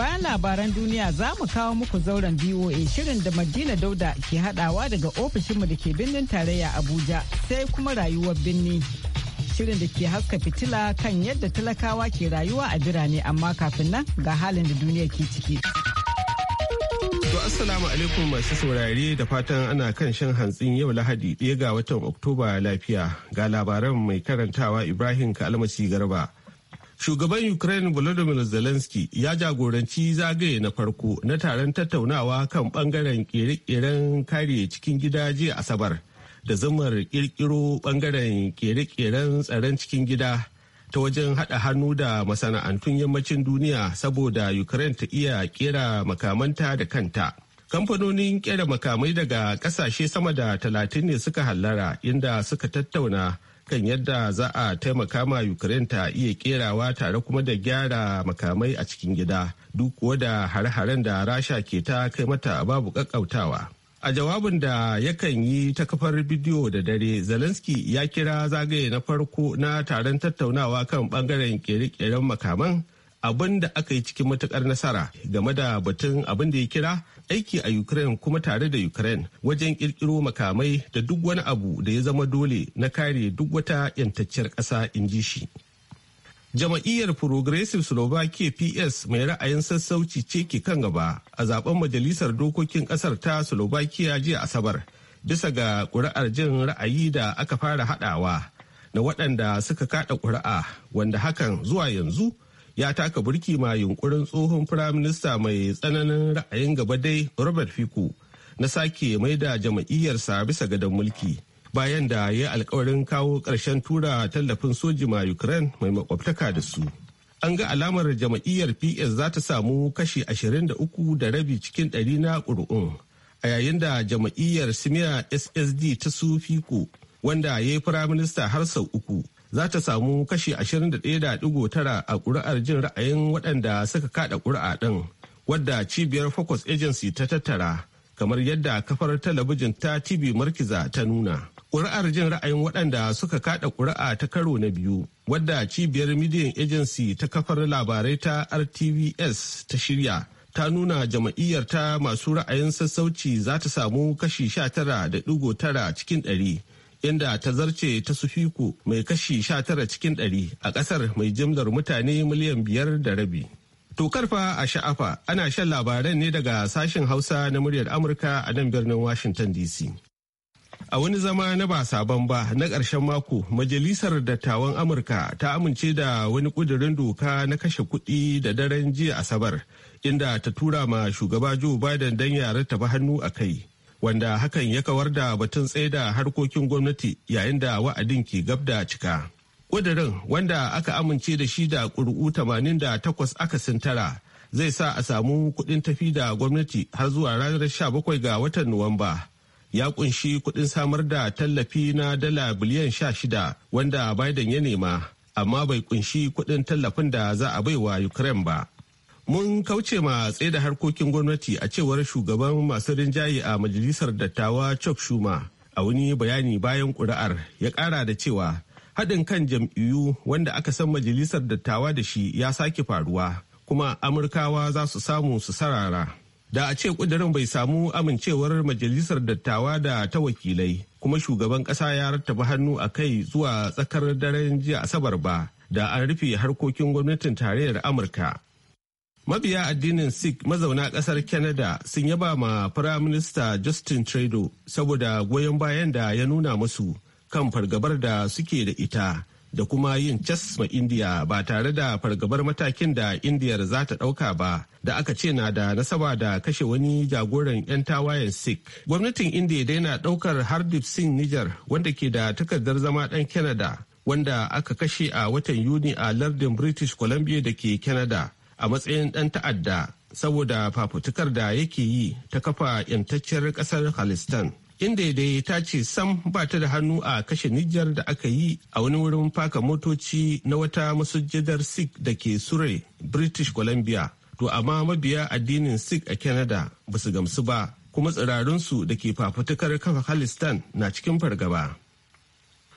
bayan labaran duniya za mu kawo muku zauren BOA shirin da Madina Dauda ke hadawa daga ofishinmu da ke birnin tarayya Abuja sai kuma rayuwar birni. Shirin da ke haska fitila kan yadda talakawa ke rayuwa a birane amma kafin nan ga halin da duniya ke ciki. To Assalamu alaikum masu saurare da fatan ana kan shan hantsin yau Lahadi ɗaya ga watan Oktoba lafiya ga labaran mai karantawa Ibrahim Kalmasi Garba. Shugaban Ukraine Volodymyr Zelensky ya jagoranci zagaye na farko na taron tattaunawa kan bangaren kere-keren kare cikin gida jiya Asabar da zamar kirkiro bangaren kere-keren tsaron cikin gida ta wajen haɗa hannu da masana'antun yammacin duniya saboda Ukraine ta iya kera makamanta da kanta. Kamfanonin kera makamai daga ƙasashe sama da talatin ne suka hallara inda suka tattauna. kan yadda za a taimaka ma Ukraine ta iya kerawa tare kuma da gyara makamai a cikin gida duk kuwa da hare-haren da Rasha ke ta kai mata babu kakkautawa. A jawabin da yakan yi ta kafar bidiyo da dare, Zelensky ya kira zagaye na farko na taron tattaunawa kan bangaren kere-keren makaman abin da aka yi cikin matukar nasara game da batun abin da ya kira aiki a Ukraine kuma tare da Ukraine wajen kirkiro makamai da duk wani abu da ya zama dole na kare duk wata yantacciyar ƙasa in ji shi. Jama'iyyar Progressive Slovakia PS mai ra'ayin sassauci ce ke kan gaba a zaben majalisar dokokin ƙasar ta Slovakia jiya Asabar bisa ga ƙuri'ar jin ra'ayi da aka fara haɗawa na waɗanda suka kaɗa ƙuri'a wanda hakan zuwa yanzu ya taka burki ma yunkurin tsohon firaminista mai tsananin ra'ayin gaba dai robert fico na sake mai da jama'iyyarsa bisa gadon mulki bayan da ya alkawarin kawo ƙarshen tura tallafin soji ma ukraine mai makwabtaka da su an ga alamar jama'iyyar ps za ta samu kashi 23 da rabi cikin ɗari na ƙuri'un a yayin da jama'iyyar simiya ssd ta su fiko wanda ya yi firaminista har sau uku za ta samu kashi 21.9 a ƙuri'ar jin ra'ayin waɗanda suka kaɗa ƙuri'a ɗin wadda cibiyar focus agency ta tattara kamar yadda kafar talabijin ta tv markiza ta nuna ƙuri'ar jin ra'ayin waɗanda suka kaɗa ƙuri'a ta karo na biyu wadda cibiyar media agency ta kafar labarai ta rtvs ta shirya ta nuna jama'iyyar ta masu ra'ayin sassauci za ta samu kashi 19.9 cikin ɗari. inda ta zarce ta sufiku mai kashi 19 cikin 100 a kasar mai jimlar mutane miliyan biyar da rabi. Tokar fa a sha'afa ana shan labaran ne daga sashen Hausa na muryar Amurka a nan birnin Washington DC. A wani zama na ba sabon ba na ƙarshen mako, Majalisar Dattawan Amurka ta amince da wani ƙudurin doka na kashe kuɗi da daren jiya Asabar, inda ta tura ma shugaba Joe Biden don ta rattaba hannu a kai. wanda hakan ya kawar da batun da harkokin gwamnati yayin da wa'adin ke gab da cika. Ƙudurin wanda aka amince da shi da ƙuri'u 88 aka tara zai sa a samu kuɗin tafi da gwamnati har zuwa ranar 17 ga watan Nuwamba. Ya ƙunshi kuɗin samar da tallafi na dala biliyan 16 wanda Biden ya nema, amma bai ƙunshi kuɗin tallafin da za a baiwa Ukraine ba. Mun kauce ma tsaye da harkokin gwamnati a cewar shugaban masu rinjaye a majalisar dattawa Chuck Schumer a wani bayani bayan kuri'ar. ya ƙara da cewa haɗin kan jam'iyyu wanda aka san majalisar dattawa da shi ya sake faruwa kuma Amurkawa za su samu su sarara. Da a ce ƙudurin bai samu amincewar majalisar dattawa da ta wakilai kuma shugaban ƙasa ya rattaba hannu a kai zuwa tsakar daren jiya Asabar ba da an rufe harkokin gwamnatin tarayyar Amurka. Mabiya addinin Sikh mazauna ƙasar Canada sun yaba ma Firaminista Justin Trudeau saboda goyon bayan da ya nuna musu kan fargabar da suke da ita da kuma yin cas ma India ba tare da fargabar matakin da Indiyar za ta ɗauka ba da aka ce na da nasaba da kashe wani jagoran 'yan tawayen Sikh. Gwamnatin india dai na ɗaukar Hardip Singh Nijar wanda ke da takardar zama ɗan Canada wanda aka kashe a watan Yuni a lardin British Columbia da ke Canada. a matsayin ɗan ta'adda saboda fafutukar da yake yi ta kafa yantacciyar ƙasar Khalistan. Inda dai ta ce sam ba ta da hannu a kashe Nijar da aka yi a wani wurin faka motoci na wata masujadar Sikh da ke Surrey, British Columbia. To amma mabiya addinin Sikh a Canada ba su gamsu ba, kuma tsirarunsu da ke fafutukar kafa Khalistan na cikin fargaba.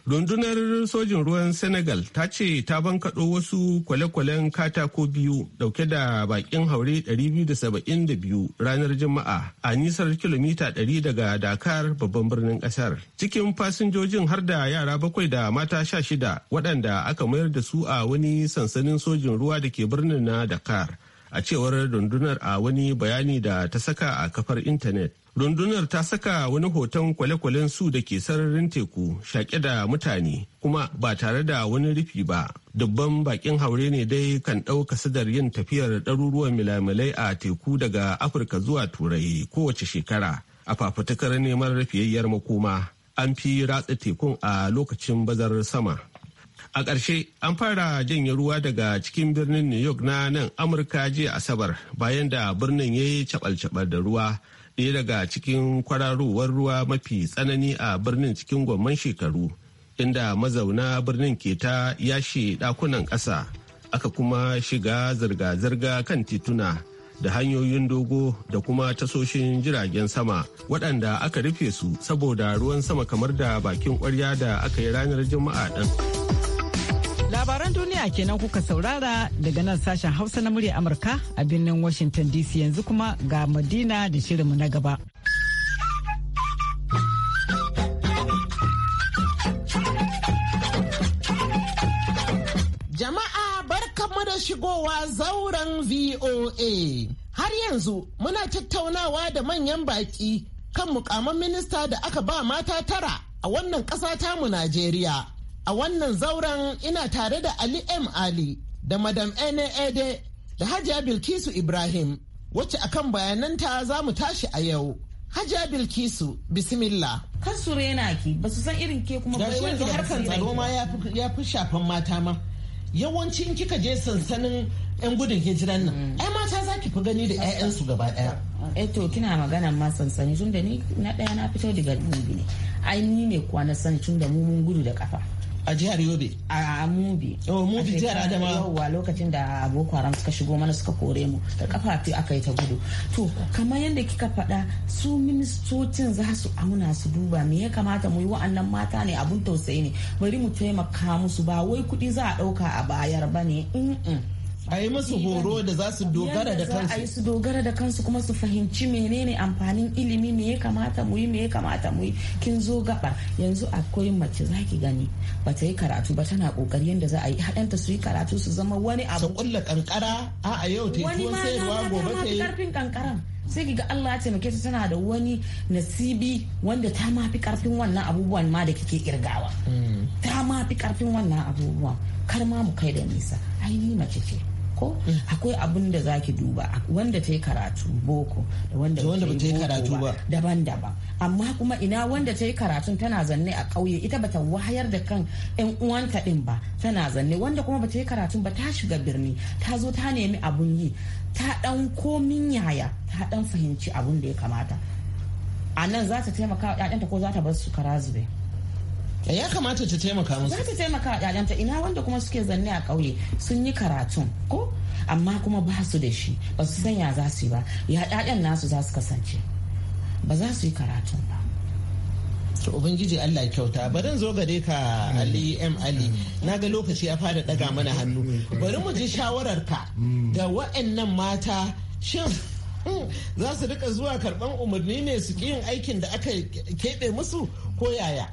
rundunar sojin ruwan senegal ta ce ta bankaɗo wasu kwale-kwalen katako biyu dauke da bakin haure 272 ranar juma'a a nisar kilomita 100 daga dakar babban birnin ƙasar cikin fasinjojin har da yara bakwai da mata sha shida waɗanda aka mayar da su a wani sansanin sojin ruwa da ke birnin na dakar a cewar rundunar a wani bayani da ta saka a kafar intanet rundunar ta saka wani hoton kwale-kwalen su da ke sararin teku shaƙe da mutane kuma ba tare da wani rufi ba dubban bakin haure ne dai kan ɗauka sadar yin tafiyar ɗaruruwan milamilai a teku daga afirka zuwa turai kowace shekara a fafutukar neman rufiyayyar makoma an fi ratsa tekun a lokacin bazar sama a ƙarshe an fara janye ruwa daga cikin birnin new york na nan amurka jiya asabar bayan da birnin ya yi cabal da ruwa ɗaya daga cikin kwararowar ruwa mafi tsanani a birnin cikin gwamman shekaru inda mazauna birnin ke ta yashe ɗakunan ƙasa aka kuma shiga zirga-zirga kan tituna da hanyoyin dogo da kuma tasoshin jiragen sama waɗanda aka rufe su saboda ruwan sama kamar da bakin ƙwarya da aka yi ranar juma'a ɗin. Labaran duniya kenan kuka saurara daga nan sashen Hausa na murya Amurka a birnin Washington DC yanzu kuma ga Madina da shirinmu na gaba. Jama'a barkanmu da shigowa zauren VOA. Har yanzu muna tattaunawa da manyan baki kan mukamman minista da aka ba mata tara a wannan ƙasa tamu Najeriya. A wannan zauren ina tare da Ali M. Ali da Madam Ene Ede da Hajiya Bilkisu Ibrahim, wacce akan bayananta za mu tashi a yau. Hajiya Bilkisu, bismillah. Kansu rena ki, ba su san irin ke kuma ba shi da harkar tsaro ma ya fi shafan mata ma. Yawancin kika je sansanin 'yan gudun hijiran nan, mm. ai mata za ki fi gani da 'ya'yansu gaba ɗaya. Eh to kina magana ma sansani tun da ni na ɗaya na fito daga dubi ne. Ai ni ne kuwa na sani tun da mu mun gudu da kafa. a jihar yobe a mubi oh mubi jihar adama yawwa lokacin da boko haram suka shigo mana suka kore mu da kafafi aka yi ta gudu to kamar yadda kika faɗa su ministocin za su auna su duba me ya kamata mu yi wa'annan mata ne abun tausayi ne bari mu taimaka musu ba wai kuɗi za a ɗauka a bayar ba ne a yi musu horo da za su dogara da kansu a yi su dogara da kansu kuma su fahimci menene amfanin ilimi me ya kamata mu yi me ya kamata mu yi kin zo gaba yanzu akwai mace za ki gani ba ta yi karatu ba tana kokari yadda za a yi haɗanta su yi karatu su zama wani abu su kulla kankara a yau ta yi tuwon sayarwa gobe ta yi karfin kankaran sai ki ga Allah ya taimake ta tana da wani nasibi wanda ta ma fi karfin wannan abubuwan ma da kike kirgawa mm. ta ma fi karfin wannan abubuwan kar ma mu kai da nisa ai ni mace ce boko akwai abin da zaki duba wanda ta yi karatu boko da wanda ba ta yi karatu ba daban-daban amma kuma ina wanda ta yi karatu tana zanne a kauye ita bata wayar da kan yan uwanta din ba tana zanne wanda kuma bata yi karatu ba ta shiga birni ta zo ta nemi abun yi ta dan komin yaya ta dan fahimci abun da ya kamata a nan za ta taimaka ƴaƴanta ko za ta bar su kara zube eh, ya kamata ta taimaka musu za ta taimaka wa ƴaƴanta ina wanda kuma suke zanne a ƙauye sun yi karatun ko amma kuma ba su da shi ba su san ya za su yi ba ya ƴaƴan nasu za su kasance ba za su yi karatu ba to ubangiji Allah kyauta barin zo gare ka Ali M Ali na ga lokaci ya fara daga mana hannu bari mu ji shawarar ka da wa'annan mata shin hmm, za su rika zuwa karban umarni ne su yin aikin da aka keɓe musu ko yaya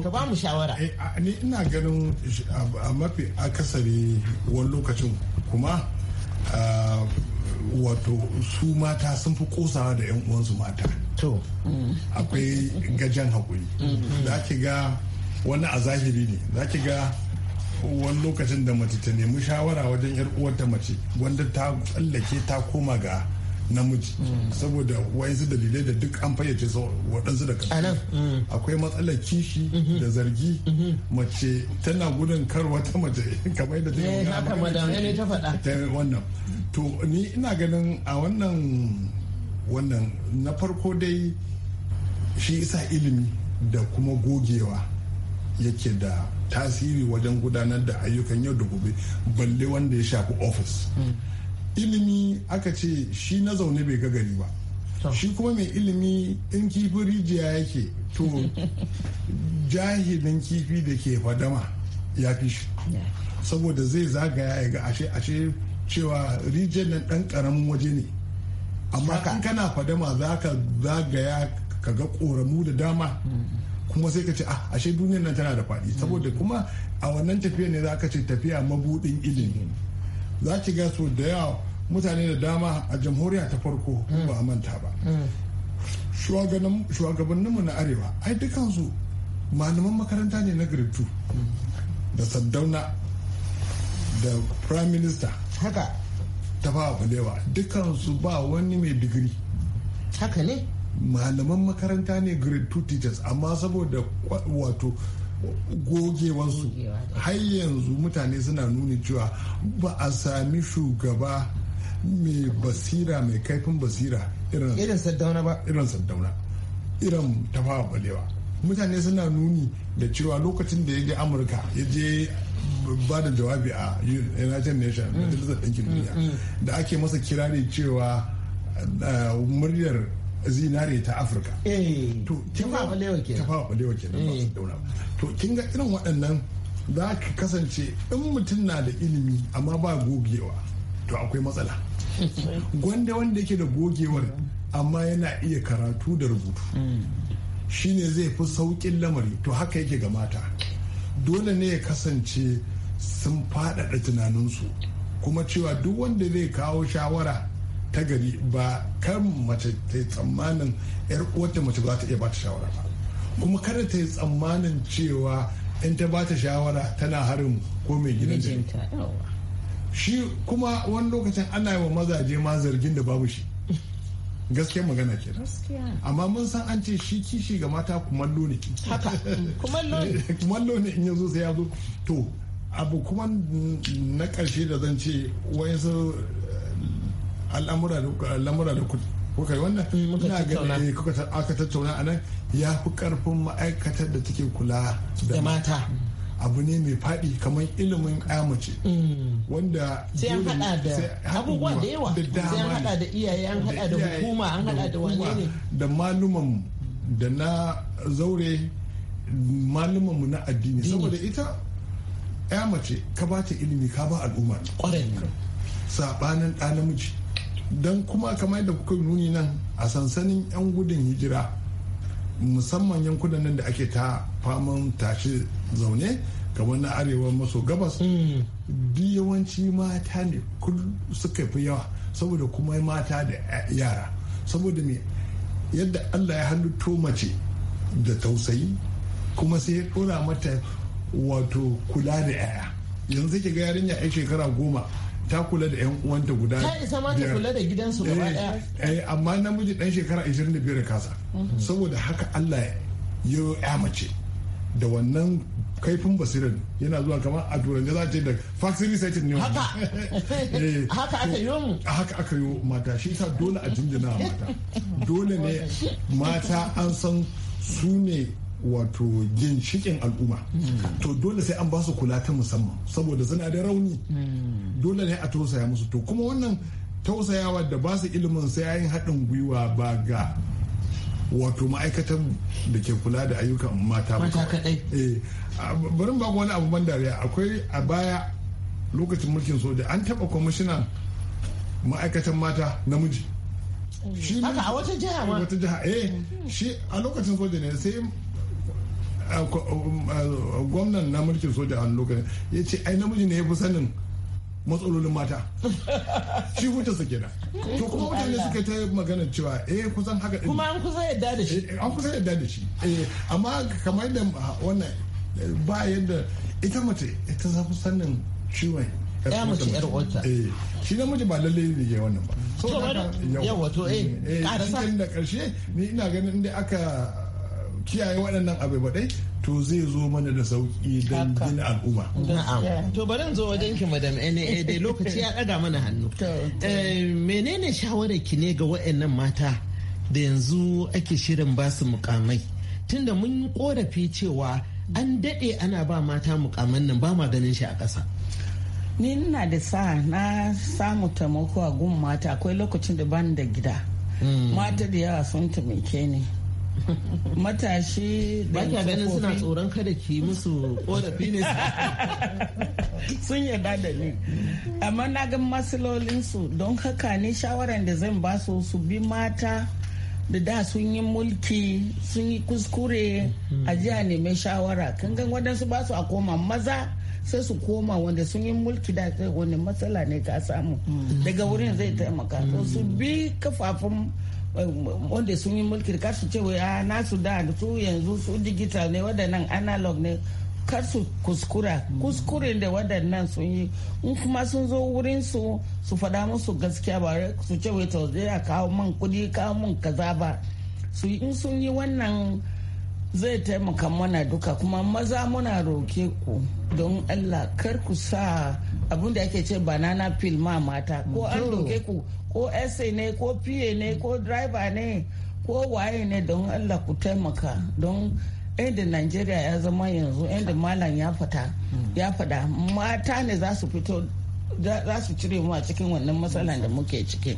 ka ba mu shawara eh, ni ina ganin a mafi akasari wani lokacin kuma wato su mata sun fi kosawa da 'yan uwansu mata to akwai gajen haƙuri mm-hmm. za ki ga wani a zahiri ne za ki ga wani lokacin da mace ta nemi shawara wajen 'yar uwarta mace wanda ta tsallake ta koma ga namiji saboda wayansu dalilai da duk an fayyace su waɗansu da kasu akwai matsalar kishi da zargi mace tana gudun kar wata mace kamar da eh, ta yi faɗa wannan to ni ina ganin a wannan wannan na farko dai shi isa ilimi da kuma gogewa yake da tasiri wajen gudanar da ayyukan yau da gobe balle wanda ya shafi ofis mm. ilimi aka ce shi na zaune bai ga gari ba shi kuma mai ilimi in kifi rijiya yake to jahilin kifi da ke fadama ya fi shi saboda zai zagaya ya ga ashe ashe cewa rijiyar nan dan karamin waje ne amma in kana fadama za ka zagaya ka ga koramu da dama mm-hmm. kuma sai ka ce ah ashe duniyar nan tana da faɗi mm-hmm. saboda kuma a wannan tafiya ne za ka ce tafiya mabudin ilimi za ki ga su da yawa mutane da dama a jamhuriya ta farko mm. ba a manta ba mm. shugabanninmu na arewa ai dukansu malaman makaranta ne na grade mm. da saddauna da prime minister haka ta ba balewa dukansu ba wani mai digiri haka ne malaman makaranta ne grade 2 teachers amma saboda wato gogewarsu har yanzu mutane suna nuni cewa ba a sami shugaba mai basira mai kaifin basira irin saddauna irin tafawa balewa mutane suna nuni da cewa lokacin da ya je amurka ya je ba da jawabi a united nations mm. mm, mm. da ake masa kirari cewa eh, muryar zinare ta afirka eh, eh. to kin ga irin waɗannan za ka kasance in mutum na da ilimi amma ba gogewa to akwai matsala gwanda wanda yake da gogewar amma yana iya karatu da rubutu shine zai fi sauƙin lamari to haka yake ga mata dole ne ya kasance sun faɗaɗa tunaninsu kuma cewa duk wanda zai kawo shawara ta gari ba kan mace ta yi tsammanin yar uwarta mace ba ta iya ba ta shawara ba kuma kada ta yi tsammanin cewa in ta ba ta shawara tana harin ko mai gidan shi kuma wani lokacin ana yi wa mazaje ma zargin da babu shi gaskiyar magana ke amma mun san an ce shi kishi ga mata kumallo ne kumallo ne in yanzu sai ya zo to abu kuma na ƙarshe da zan ce wayansu al'amura da kuka yi wannan mm, ina ganin eh, kuka aka tattauna a nan ya fi karfin ma'aikatar da take kula da mata mm. abu ne mai faɗi kamar ilimin mace mm. wanda sai an hada da abubuwa da yawa sai an hada da iyaye an hada da hukuma an hada da wane ne da maluman da na zaure maluman mu na addini saboda ita ya mace ka ba ta ilimi ka ba al'umma kwarai sabanin ɗa namiji don kuma kamar da kuka nuni nan a sansanin 'yan gudun hijira musamman yankunan nan da ake ta faman tashi zaune kamar na arewa maso gabas mm. duk yawanci mata ne suka fi yawa saboda kuma mata da yara saboda me yadda allah ya halitto mace da tausayi kuma sai ya ɗora mata wato kula da yaya yanzu ke ga yarinya a shekara goma ta kula da yan uwanta guda ta isa ma ta kula da gidansu gaba daya eh, eh, amma namiji dan shekara 25 da kasa mhm. saboda haka Allah ya ya mace da wannan kaifin basirin yana zuwa kamar a turanci za ce da factory setting ne haka eh, haka aka yi mu haka aka yi mata shi sa dole a jinjina mata dole ne mata an san su ne wato ginshikin al'umma to dole sai an ba su kula ta musamman saboda suna da rauni dole ne a tausaya musu to kuma wannan tausayawa da ba su ilimin sai yayin haɗin gwiwa ba ga wato ma'aikatan da ke kula da ayyukan mata ba kadai. Eh, barin ba wani abu ban dariya akwai a baya lokacin mulkin soja an taɓa kwamishinan ma'aikatan mata namiji shi a wata jiha wata eh shi a lokacin soja ne sai gwamnan na mulkin soja a lokacin ya ce ai namiji ne ya fi sanin matsalolin mata shi wuce su kenan to kuma mutane suka ta magana cewa eh kusan haka din kuma an kusa yadda da shi eh, an kusa yadda da shi eh amma kamar da ah, wannan ba yadda ita mace ita za ku sanin ciwon ya mace yar wata eh, shi namiji ba lalle ne ya wannan ba so yawa to eh, eh ƙarasa da karshe ni ina ganin inda aka kiyaye waɗannan baɗai to zai zo mana da sauki don gina al'umma. To bari zo wajen ki madam eh, NAA eh, dai lokaci ya ɗaga mana hannu. Eh, menene shawarar ki ne ga waɗannan mata da yanzu ake shirin basu mukamai? Tunda mun korafi cewa an daɗe ana ba mata mukaman nan ba ma ganin shi a ƙasa. Ni na da sa na samu taimako a gun mata akwai lokacin da ban da gida. Hmm. Mata da yawa sun taimake ni. matashi da ya ganin suna tsoron kada ki musu korafi ne sun yarda da ni amma na ga su don haka ne shawaran da zan ba su su bi mata da da sun yi mulki sun yi kuskure mhm. a jiya neman shawara kan gan waɗansu ba su a koma maza sai su koma wanda sun yi mulki da wani matsala ne ka samu mhm. daga wurin zai taimaka su bi kafafun wanda sun yi mulkin kar su ce ah, nasu da su yanzu su digital ne waɗannan analog ne karsu su kuskura kuskure da waɗannan sun yi in kuma sun zo wurin su su faɗa musu gaskiya ba su ce wai to a kawo man kuɗi kawo man kaza ba su in sun yi wannan zai taimaka mana duka kuma maza muna roke ku don allah kar ku sa abinda ake ce banana peel ma mata ko an roke ku ko essay ne ko pa ne ko driver ne ko waye ne don allah ku taimaka don inda nigeria ya zama yanzu inda malam ya fata hmm. ya fada mata ne za su fito za su cire mu a cikin wannan matsalan da muke ciki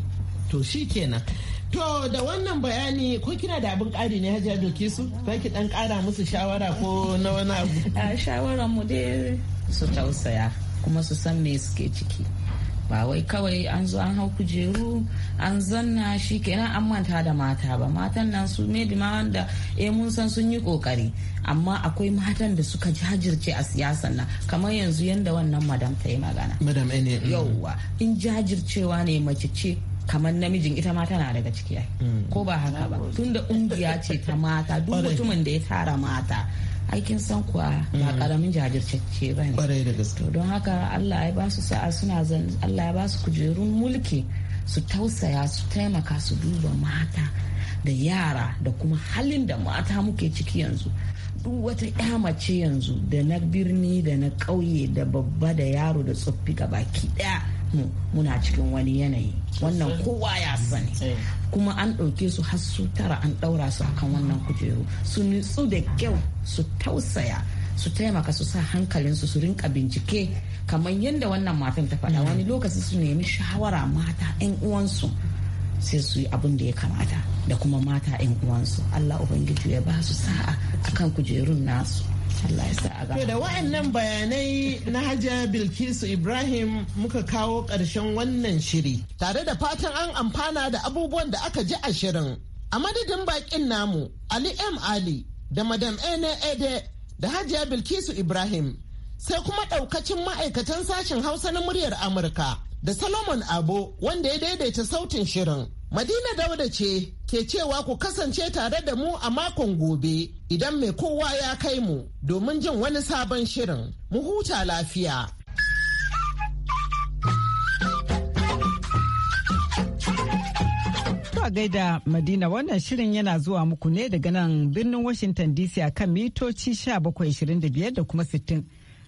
to shi kenan To da wannan bayani ko kina da abin ƙari ne hajiya doke su? Zaki dan ƙara musu shawara ko na wani abu? A mu dai su tausaya kuma su san me suke ciki. ba wai kawai an zo an hau kujeru an zanna shi kenan an manta da mata ba matan nan su maybe ma wanda eh mun san sun yi kokari amma akwai matan da suka jajirce a siyasan nan kamar yanzu yanda wannan madam ta yi magana madam mm. yauwa in jajircewa ne mace ce kamar namijin ita ma tana daga ciki ai hmm. ko ba haka ba tunda ungiya ce ta mata duk mutumin da ya tara mata aikin san kuwa ba karamin hmm. jajirtacce ba ne to don haka Allah ya ba su sa'a suna zan Allah ya ba su kujerun mulki su tausaya su taimaka su duba mata da yara da kuma halin da mata muke ciki yanzu duk wata ya mace yanzu da na birni da na ƙauye da babba da yaro da tsoffi ga baki ɗaya mu muna cikin wani yanayi wannan kowa ya sani kuma an ɗauke su har su tara an ɗaura su akan wannan kujeru su nutsu da kyau su tausaya su taimaka su sa hankalinsu su rinka bincike kamar yadda wannan matan ta faɗa wani lokaci su nemi shawara mata 'yan uwansu sai su yi abin da ya kamata da kuma mata 'yan uwansu allah ubangiji ya ba su sa'a akan kujerun nasu da wa'annan bayanai na Hajiya Bilkisu Ibrahim muka kawo ƙarshen wannan shiri tare da fatan an amfana da abubuwan da aka ji a shirin. A madadin bakin namu Ali M. Ali da Madam Ene Ede da Hajiya Bilkisu Ibrahim sai kuma ɗaukacin ma'aikatan sashen Hausa na muryar Amurka da Solomon Abo wanda ya daidaita sautin shirin. Madina Dauda ce ke cewa ku kasance tare da mu a makon gobe idan mai kowa ya kai mu domin jin wani sabon shirin. Mu huta lafiya. kuma gaida Madina wannan shirin yana zuwa muku ne daga nan birnin Washington DC a kan mitoci 1725 da kuma 60.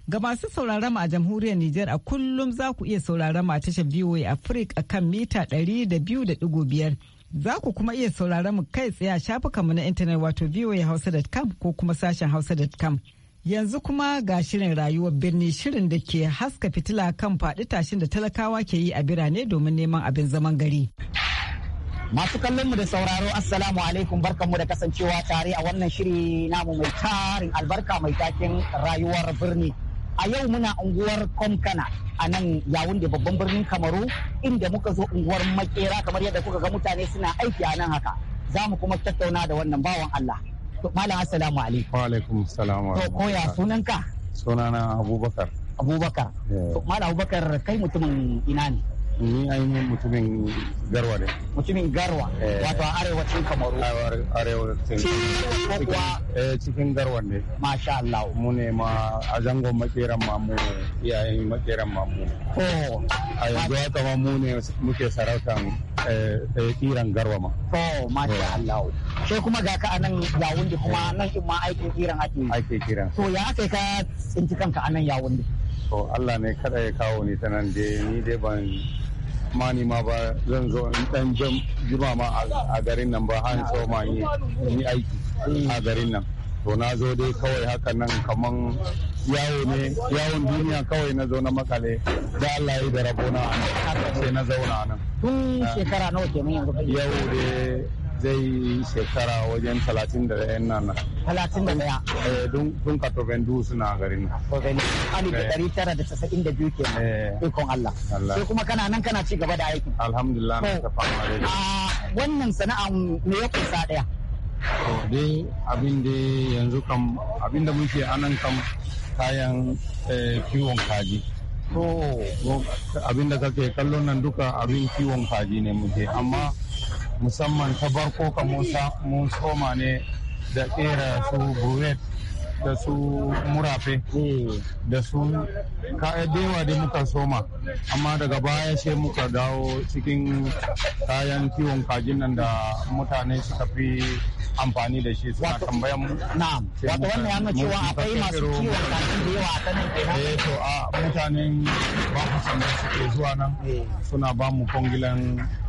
Ga masu sauraron mu a jamhuriyar Nijar a kullum za ku iya sauraron mu a tashar VOA Africa kan mita 200.5. Za ku kuma iya sauraron mu kai tsaye a mu na intanet wato voahausa.com ko kuma sashen hausa.com. Yanzu kuma ga shirin rayuwar birni shirin da ke haska fitila kan faɗi tashin da talakawa ke yi a birane domin neman abin zaman gari. Masu kallon mu da sauraro Assalamu alaikum barkanmu da kasancewa tare a wannan shiri namu mai tarin albarka mai takin rayuwar birni. a yau muna unguwar komkana a nan yawun da babban birnin kamaru inda muka zo unguwar makera kamar yadda kuka ga mutane suna aiki a nan haka za mu kuma tattauna da wannan bawan allah to malam assalamu alaikum wa alaikum salam to koya sunanka sunana abubakar abubakar to malam abubakar kai mutumin ina ne ni ainihin mutumin garwa ne mutumin garwa eh. wato a arewacin kamaru arewacin eh, cikin garwa ne masha Allah mu ne ma a zango makeran mamu iyayen makeran mamu oh. a yanzu haka ma mu ne muke sarautan eh, iran garwa ma oh masha Allah sai kuma ga ka anan yawun kuma nan ma aikin kiran ake ake kiran to ya aka ka tsinci kanka anan yawun to Allah ne kada ya kawo ni ta nan dai ni dai ban mani ma ba zan zo in dan jima ma a garin nan ba hain so ma yi ni aiki a garin nan to na zo dai kawai haka nan kaman yawo ne yawon duniya kawai na zo na makale da Allah yi da rabona sai na zauna nan tun shekara nawa kenan yanzu yau dai zai shekara wajen 31 nan nan. 31? Eh, dun ka Tobendu suna garin nan. Tobendu. da 1992 eh. tara da eh. Ikon Allah. Sai kuma kana nan kana ci gaba da aikin. Alhamdulillah na ta fama da Wannan sana'an me ya kusa ɗaya? dai abin da yanzu kam abin da muke anan kam kayan kiwon kaji. abin da kake kallon nan duka abin kiwon kaji ne muke amma musamman ta barko ka mun soma ne da kera su buret da su murafe da su dewa da muka soma amma daga baya sai muka dawo cikin kayan kiwon kajin nan da mutane suka fi amfani da shi suna tambayan mu na wato wannan ya nuna cewa akwai masu kiwon kajin da yawa ta nan eh to a mutanen ba su suke zuwa nan eh. suna ba mu kongilan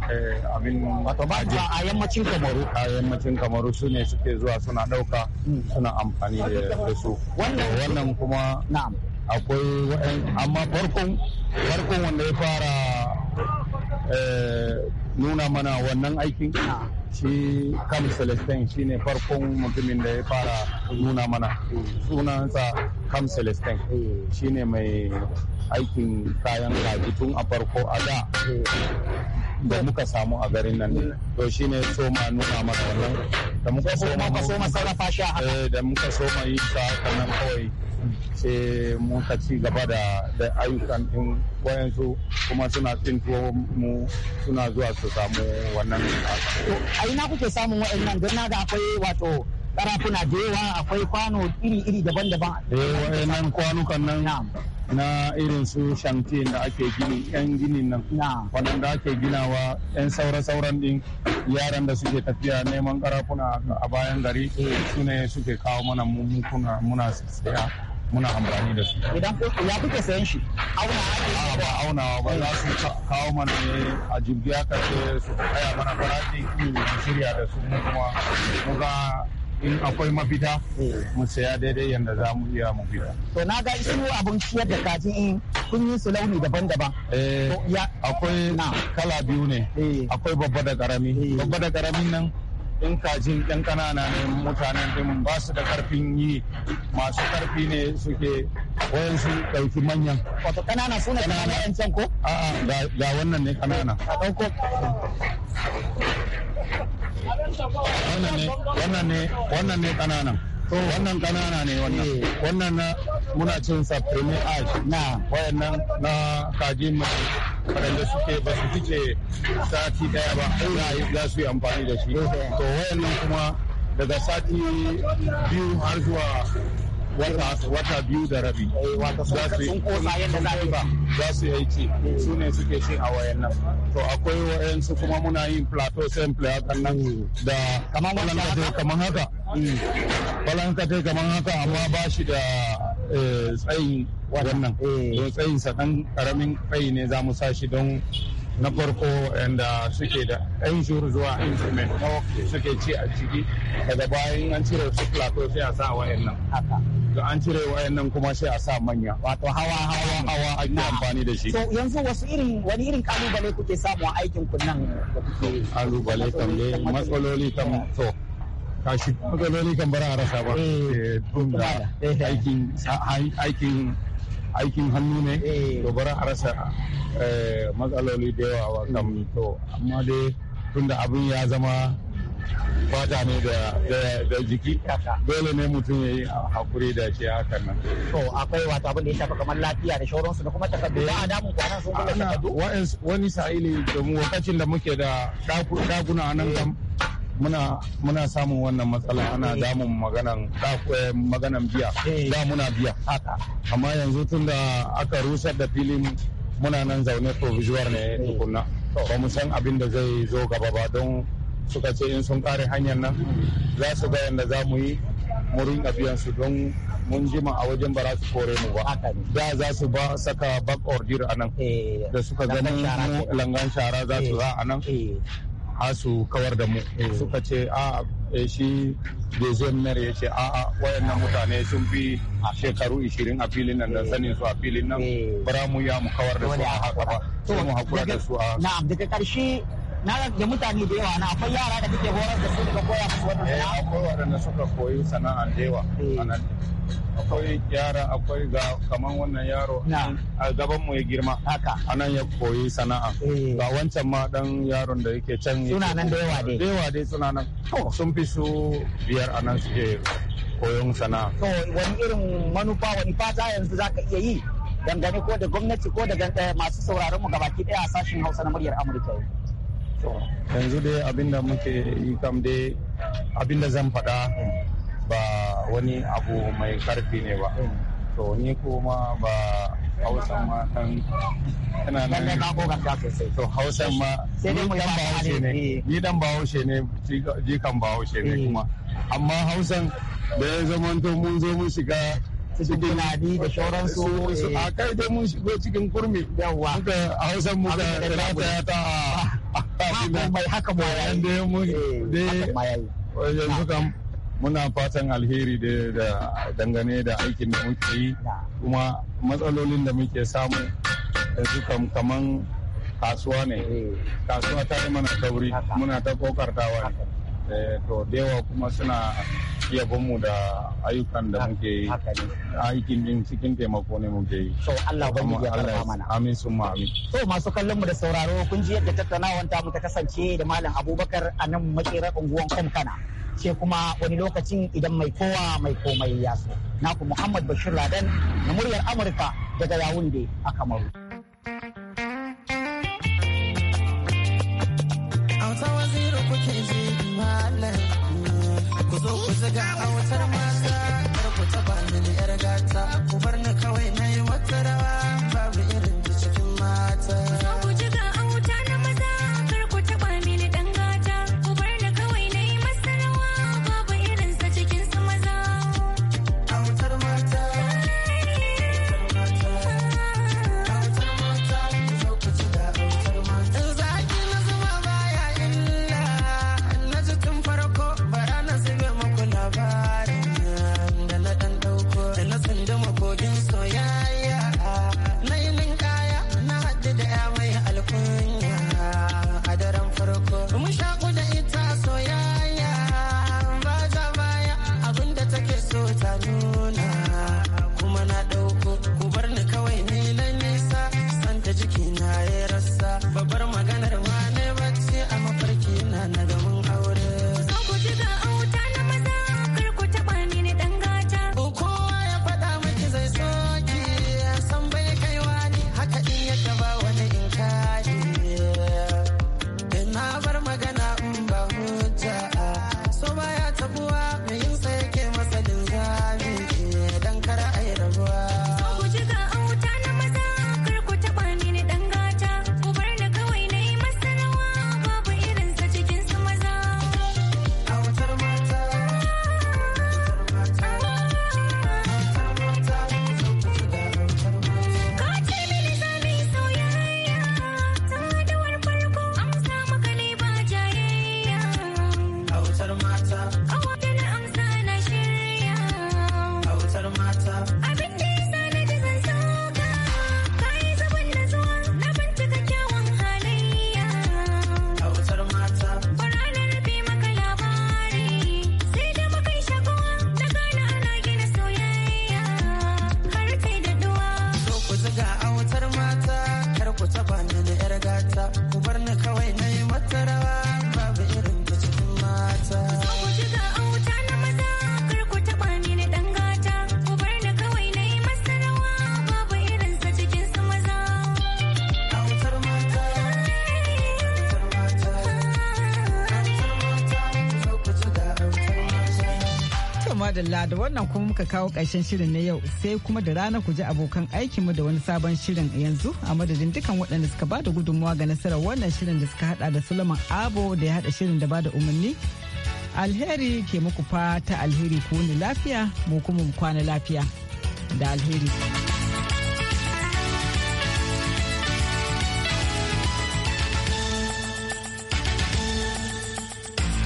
Eh, abin wato a yammacin kamaru a yammacin kamaru su ne suke zuwa suna ɗauka suna amfani da su wannan kuma akwai amma farkon farkon wanda ya fara eh, nuna mana wannan aikin shi kam celestin shi ne farkon mutumin da ya fara nuna mana sunansa kam celestin shi ne mai aikin kayan kaji tun a farko a da da muka samu a garin nan to shine soma nuna masa wannan da muka soma ka soma sarrafa shi a haka eh, da muka soma yi ta kanan kawai mun muka ci gaba da ayyukan din wayansu kuma suna tsintuwa mu suna zuwa su samu wannan a ina kuke samun waɗannan don da akwai wato karafuna da yawa akwai kwano iri-iri daban-daban eh waɗannan kwanukan nan na irin su shantin da ake gini yan ginin nan waɗanda ake ginawa yan saura-sauran din yaran da suke tafiya neman karafuna a bayan gari su ne suke kawo mana mummukuna muna saya muna amfani da su idan ya kuke sayan shi aunawa ba aunawa ba za su kawo mana ne a jirgi aka ce su haya mana faraji shirya da su mu kuma muka in akwai mafita mu saya daidai yadda za mu iya mu fita. To na ga su abun ciyar da kaji in kun yi su launi daban-daban. Eh, akwai kala biyu ne. Eh. Akwai babba da karami. Eh. Babba da karamin nan in kajin ɗan ƙanana ne mutanen din ba su da karfin yi masu karfi ne suke wayansu ɗauki manyan. Wato ƙanana su ne yan can ko? A'a ga wannan ne ƙanana. A ɗauko. wannan ne wannan ne kananan wannan kanana ne wannan wannan na muna cin sa premier ash na wayannan na kaji mai waɗanda suke ba su fice sati daya ba za su yi amfani da shi to wayannan kuma daga sati biyu har zuwa wata biyu da rabi eh, za su yi za su yi ci su ne suke shi a wayan nan to akwai wayan su kuma muna yin plateau sample hakan nan da kamar haka mm. balanka kamar haka amma ba shi da eh, tsayin wannan eh. tsayin sa ɗan ƙaramin tsayi ne za mu sa shi don na farko yadda suke da injur zuwa instrument na suke ci a ciki daga bayan an cire su plateau sai a sa wayan nan haka to an cire wayan nan kuma sai a sa manya wato hawa hawa hawa ake amfani da shi to yanzu wasu irin wani irin kalubale kuke samu a aikin ku nan kalubale kan ne matsaloli kan to kashi matsaloli kan bara a rasa ba eh. Eh, eh. aikin aikin aikin hannu ne eh. to bara a rasa eh, matsaloli da yawa ba kam to amma dai tunda abin ya zama fata ne da jiki dole ne mutum ya yi hakuri da shi hakan nan. To akwai wata abin da ya shafa kamar lafiya da shauransu da kuma takardu eh. ba a damun kwanan sun kuma takardu. Wani sa'ili da mu lokacin da muke da daguna nan kam muna samun wannan matsala eh. ana damun maganan eh, maganan biya eh. da muna biya amma yanzu tun da aka rusar da filin muna nan zaune provisoire ne tukunna ba mu san abin da zai zo gaba ba don suka ce in sun kare hanyar nan za su ga yadda za mu yi mu rinka su don mun jima a wajen ba za su kore mu ba da za su ba saka back order a nan da suka gani langan shara za su za a nan har su kawar da mu eh. suka ce a eh, shi desemner ya ce a wayannan mutane sun fi shekaru 20 a filin nan da eh. sanin su a filin nan bara mu ya mu kawar da su a haka ba su mu hakura da su a na'am daga karshe na da mutane da yawa na akwai yara da kake horar da su daga koya musu wannan eh, sana'a akwai waɗanda suka koyi sana'a da yawa eh. akwai yara akwai ga kaman wannan yaro a gaban mu ya girma haka anan ya koyi sana'a eh. ga wancan ma dan yaron da yake can suna nan da yawa dai yawa dai suna nan sun fi su biyar anan suke koyon sana'a to wani irin manufa wani fata yanzu zaka iya yi dangane ko da gwamnati ko da masu sauraron mu gabaki daya a sashen Hausa na muryar Amurka yanzu dai abinda muke yi kam dai abinda zan faɗa ba wani abu mai karfi ne ba to ni kuma ba hausan ma kan ina nan na kokarta sosai to hausan ma sai dai ba bahaushe ne ni dan ba bahaushe ne jikan bahaushe ne eh. kuma amma hausan da ya zama to mun zo mun shiga su dinadi da shauransu eh. a kai dai mun shigo cikin kurmi yawa a ta ah, ah, ah, mai haka eh, dai mun dai yanzu kam muna fatan alheri da dangane da aikin da muke yi kuma matsalolin da muke samu yanzu kam kaman kasuwa ne eh. kasuwa ta yi mana tauri muna ta kokartawa to dewa kuma suna iya da ayyukan da muke yi aikin din cikin taimako ne muke yi So Allah ban ya karba mana amin summa amin to masu kallon mu da sauraro kun ji yadda tattaunawar ta mu ta kasance da malam Abubakar a nan makera unguwan Kankana sai kuma wani lokacin idan mai kowa mai komai ya so ku Muhammad Bashir Ladan na muryar Amurka daga Yaounde a Kamaru Auta waziri kuke ji malam zo ku zaga a mata kar ku taba mini yar gata ku bar ni kawai na yi wata rawa muka kawo ƙarshen shirin na yau sai kuma da rana ku ji abokan aikinmu da wani sabon shirin yanzu a madadin dukan waɗanda suka bada gudunmawa ga nasarar wannan shirin da suka hada da Suleiman Abo da ya hada shirin da bada umarni. Alheri ke muku fata alheri ku ni lafiya mu kuma mu kwana lafiya da alheri.